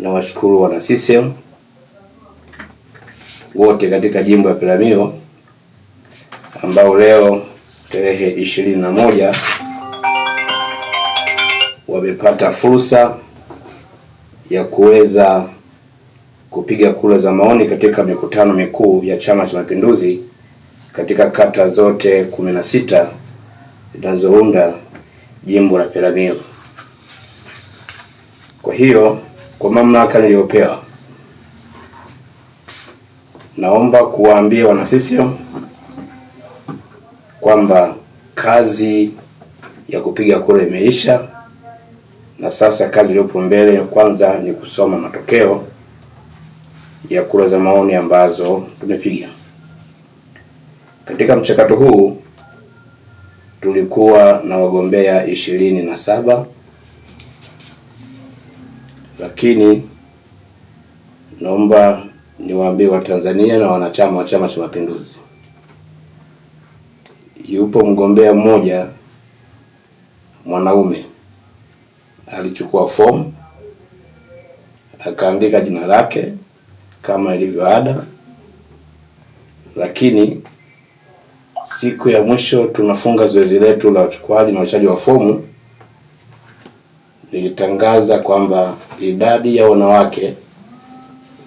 Nawashukuru wana CCM wote katika jimbo la Peramiho ambao leo tarehe ishirini na moja wamepata fursa ya kuweza kupiga kura za maoni katika mikutano mikuu ya Chama cha Mapinduzi katika kata zote kumi na sita zinazounda jimbo la Peramiho. Kwa hiyo kwa mamlaka niliyopewa, naomba kuwaambia wana CCM kwamba kazi ya kupiga kura imeisha, na sasa kazi iliyopo mbele kwanza ni kusoma matokeo ya kura za maoni ambazo tumepiga. Katika mchakato huu tulikuwa na wagombea ishirini na saba lakini naomba niwaambie Watanzania na wanachama wa Chama cha Mapinduzi, yupo mgombea mmoja mwanaume alichukua fomu akaandika jina lake kama ilivyo ada, lakini siku ya mwisho tunafunga zoezi letu la uchukuaji na uchaji wa fomu ilitangaza kwamba idadi ya wanawake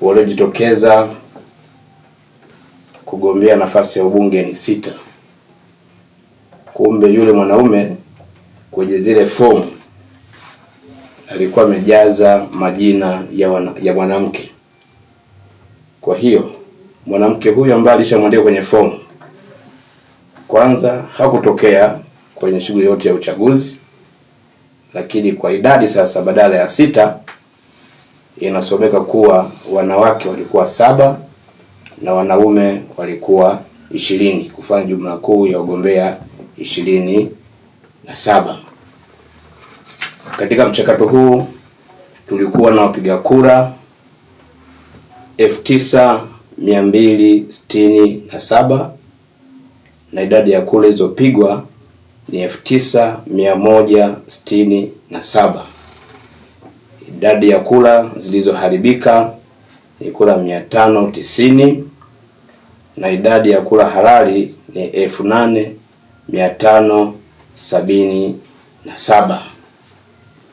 waliojitokeza kugombea nafasi ya ubunge ni sita. Kumbe yule mwanaume kwenye zile fomu alikuwa amejaza majina ya wana, ya mwanamke. Kwa hiyo mwanamke huyu ambaye alishamwandika kwenye fomu kwanza hakutokea kwenye shughuli yote ya uchaguzi lakini kwa idadi sasa badala ya sita inasomeka kuwa wanawake walikuwa saba na wanaume walikuwa ishirini kufanya jumla kuu ya ugombea ishirini na saba. Katika mchakato huu tulikuwa na wapiga kura elfu tisa mia mbili sitini na saba na idadi ya kura zilizopigwa ni elfu tisa mia moja sitini na saba. Idadi ya kura zilizoharibika ni kura mia tano tisini na idadi ya kura halali ni elfu nane mia tano sabini na saba.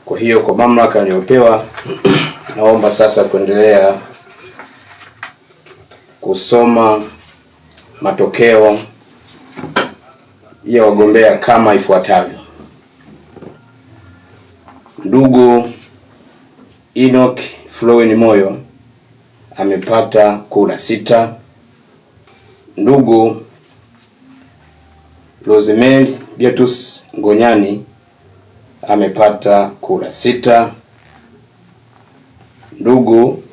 Kwa hiyo kwa mamlaka niliyopewa, naomba sasa kuendelea kusoma matokeo ya wagombea kama ifuatavyo: ndugu Enoch Flowen Moyo amepata kura sita, ndugu Rosemary Beatus Ngonyani amepata kura sita, ndugu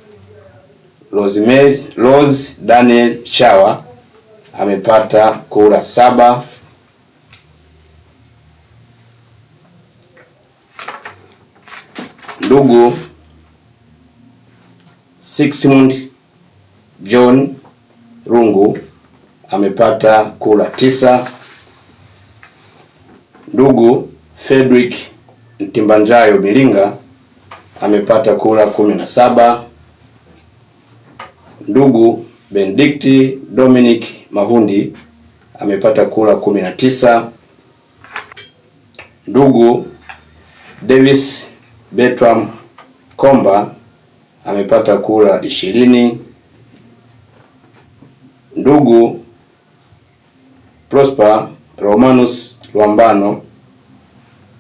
Rosemary Rose Daniel Shawa amepata kura saba ndugu Sixmund John Rungu amepata kura tisa. Ndugu Fredrick Mtimbanjayo Bilinga amepata kura kumi na saba. Ndugu Benedikti Dominic Mahundi amepata kura kumi na tisa. Ndugu Davis betram Komba amepata kura ishirini. Ndugu Prosper Romanus Lwambano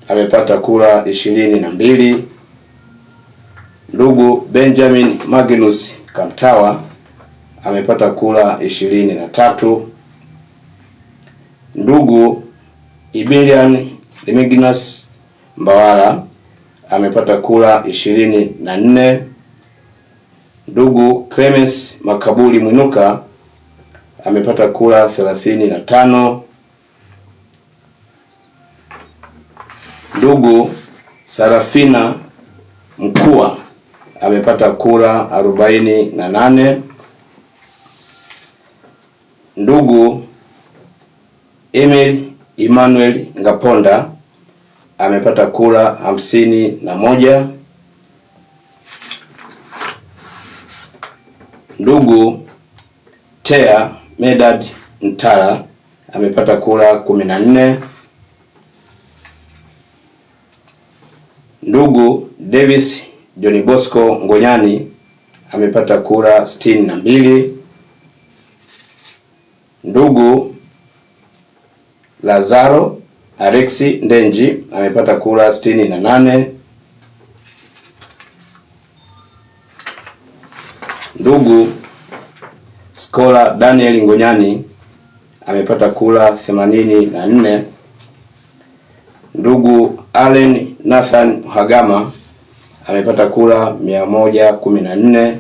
amepata kura ishirini na mbili. Ndugu Benjamin Magnus Kamtawa amepata kura ishirini na tatu. Ndugu Ibilian Remigius Mbawala amepata kura ishirini na nne. Ndugu Clemens Makabuli Mwinuka amepata kura thelathini na tano. Ndugu Sarafina Mkua amepata kura arobaini na nane. Ndugu Emil Emmanuel Ngaponda amepata kura hamsini na moja. Ndugu Tea Medad Ntara amepata kura kumi na nne. Ndugu Davis John Bosco Ngonyani amepata kura sitini na mbili. Ndugu Lazaro Alexi Ndenji amepata kura sitini na nane. Ndugu Skola Daniel Ngonyani amepata kura themanini na nne Ndugu Allen Nathan Hagama amepata kura nne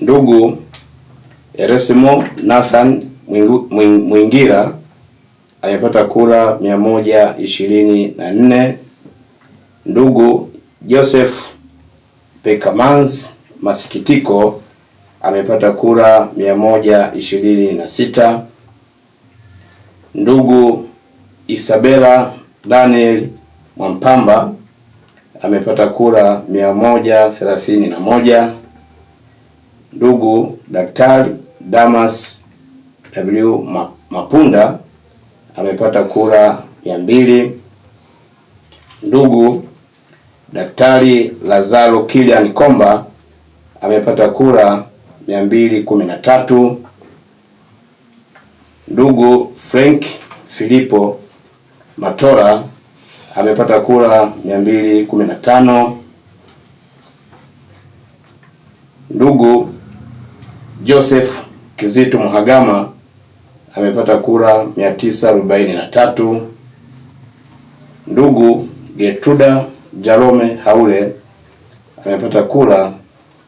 Ndugu Eresimo Nathan Mwingira amepata kura mia moja ishirini na nne. Ndugu Joseph Pekamans Masikitiko amepata kura mia moja ishirini na sita. Ndugu Isabela Daniel Mwampamba amepata kura mia moja thelathini na moja. Ndugu Daktari Damas W Mapunda amepata kura mia mbili. Ndugu Daktari Lazaro Kilian Komba amepata kura mia mbili kumi na tatu. Ndugu Frank Filipo matora amepata kura mia mbili kumi na tano. Ndugu Joseph Kizitu Mhagama amepata kura 943. Ndugu getuda jarome Haule amepata kura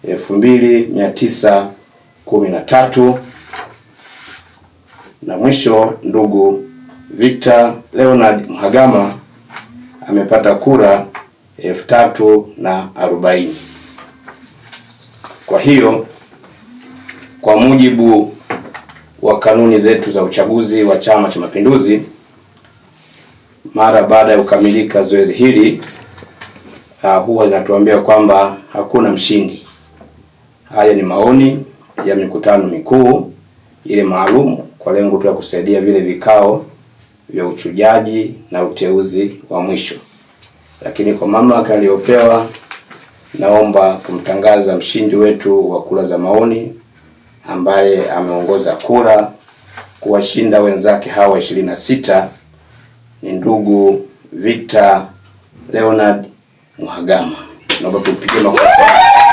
2913. Na mwisho ndugu Victor Leonard Mhagama amepata kura elfu tatu na arobaini. Kwa hiyo kwa mujibu wa kanuni zetu za uchaguzi wa Chama cha Mapinduzi. Mara baada ya kukamilika zoezi hili uh, huwa inatuambia kwamba hakuna mshindi. Haya ni maoni ya mikutano mikuu ile maalum kwa lengo tu la kusaidia vile vikao vya uchujaji na uteuzi wa mwisho, lakini kwa mamlaka aliyopewa, naomba kumtangaza mshindi wetu wa kura za maoni ambaye ameongoza kura kuwashinda wenzake hawa ishirini na sita ni ndugu Victor Leonard Mhagama. Naomba tupige makofi.